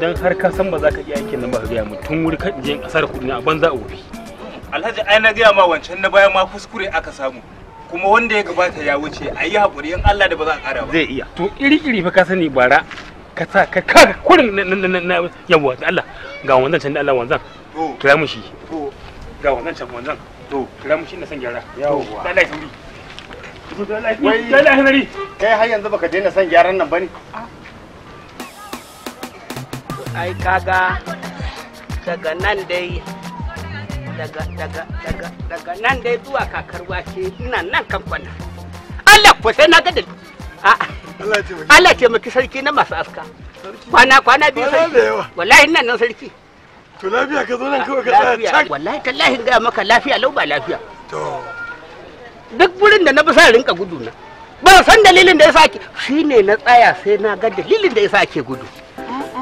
idan har ka san ba za ka iya aikin nan ba ka gaya mutum wuri ka je kasar kuɗi na banza a wofi alhaji ai na gaya ma wancan na baya ma kuskure aka samu kuma wanda ya gabata ya wuce a yi haƙuri in Allah da ba za a ƙara ba zai iya to iri-iri fa ka sani bara ka sa ka ka kurin na na na yawa da Allah ga wannan can da Allah wanzan To kira mu shi to ga wannan can wanzan to kira mu shi na san gyara yawa Allah ya sauri wai da Allah ya kai har yanzu baka daina san gyaran nan bane ai kaga daga nan dai daga daga daga daga nan dai zuwa kakar wake ina nan kan kwana Allah ko sai na ga da Allah ce maki sarki na masu aska kwana kwana biyu sarki wallahi nan nan sarki to lafiya ka zo nan kawai ka tsaya wallahi tallahi ga maka lafiya lau ba lafiya to duk wurin da na bi sa rinka gudu na ban san dalilin da ya sa shine na tsaya sai na ga dalilin da ya sa gudu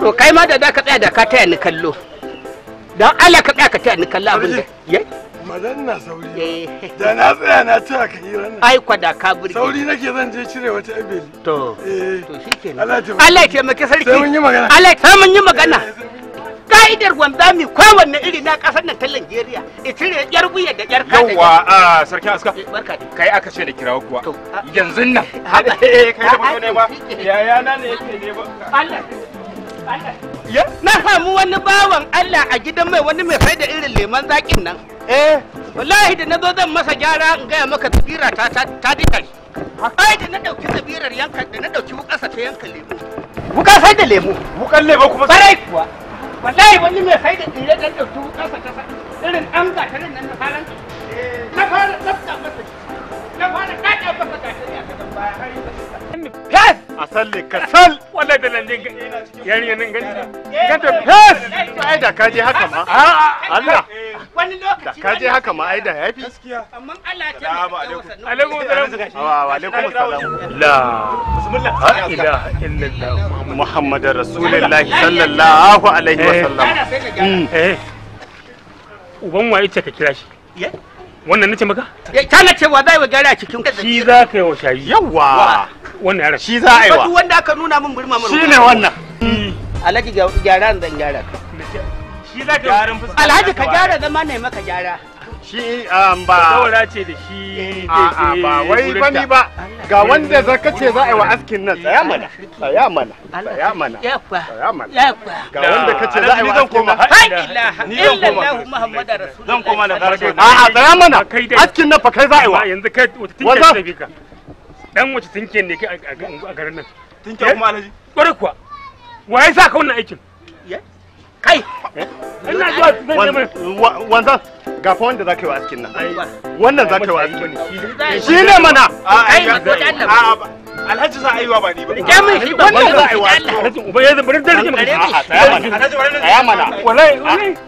to kai ma da za ka tsaya da ka taya ni kallo don Allah ka tsaya ka taya ni kallo abin da ya madan na sauri da na tsaya na taya ka yi wannan ai kwada ka burge sauri nake zan je cire wata abeli to eh. to shikenan Allah ya taimake sarki sai mun yi magana Allah eh, sai mun yi magana ka'idar wanzami kowanne iri na kasar nan ta Nigeria ya cire yar wuya da yar kada yawa a sarki aska eh, barka kai aka ce da kirawo kuwa yanzu nan kai da mutum ne ba yaya na ne yake ne ba Allah Na samu wani bawan Allah a gidan mai wani mai faida irin leman zakin nan. Eh. Wallahi da na zan masa gyara in gaya maka tsira ta ta dika shi. da na ɗauki tsibirar yanka da na ɗauki wukarsa ta yanka lemu. Wuka sai da lemu. Wukan lemu kuma sai. kuwa. Wallahi wani mai faida tsire da ɗauki wukarsa ta irin an ta nan na saran. Eh. Na fara tsafta masa. Na fara ɗaɗa masa ta ta baya har yi Yes! Asal le kasal. wannan da lanjin yarinya nan gani eh, ganta eh, fes eh, ai da je haka ma Allah wani lokaci da haka ma ai da yafi amma Allah ta alaikum salam wa alaikum salam la bismillah la ilaha illallah muhammadar rasulullahi sallallahu alaihi wasallam hmm. eh uban ka kira shi wannan nace maka kana cewa zai ga ra cikin shi za ka yi wa shayi yawa wannan yaran shi za a yi wa duk wanda aka nuna min burma mun shine wannan mm. alhaji gyara zan gyara ka shi za ka gyaran fuska alhaji ka gyara zama ne maka gyara shi an um, ba saura ce da shi eh. a ba wai bani ba ga wanda za ka ce za a yi wa askin nan tsaya mana tsaya mana tsaya mana tsaya mana ga wanda ka ce za a yi wa askin nan ni zan koma zan koma da karshe a tsaya mana askin nan fa kai za a yi wa yanzu kai wata tinkin da bika dan wace tinkiyar ne kai a garin nan tinkiyar kuma eh? alhaji kwarai kuwa waye sa ka wannan aikin kai eh? ina zuwa wanda ga fa wanda zaka yi wa askin nan wannan zaka yi wa askin shi ne mana alhaji za a yi wa ba ni ba ke mun shi ba wannan za a yi wa alhaji uba ya zabarin da rike mu a a tsaya mana tsaya mana wallahi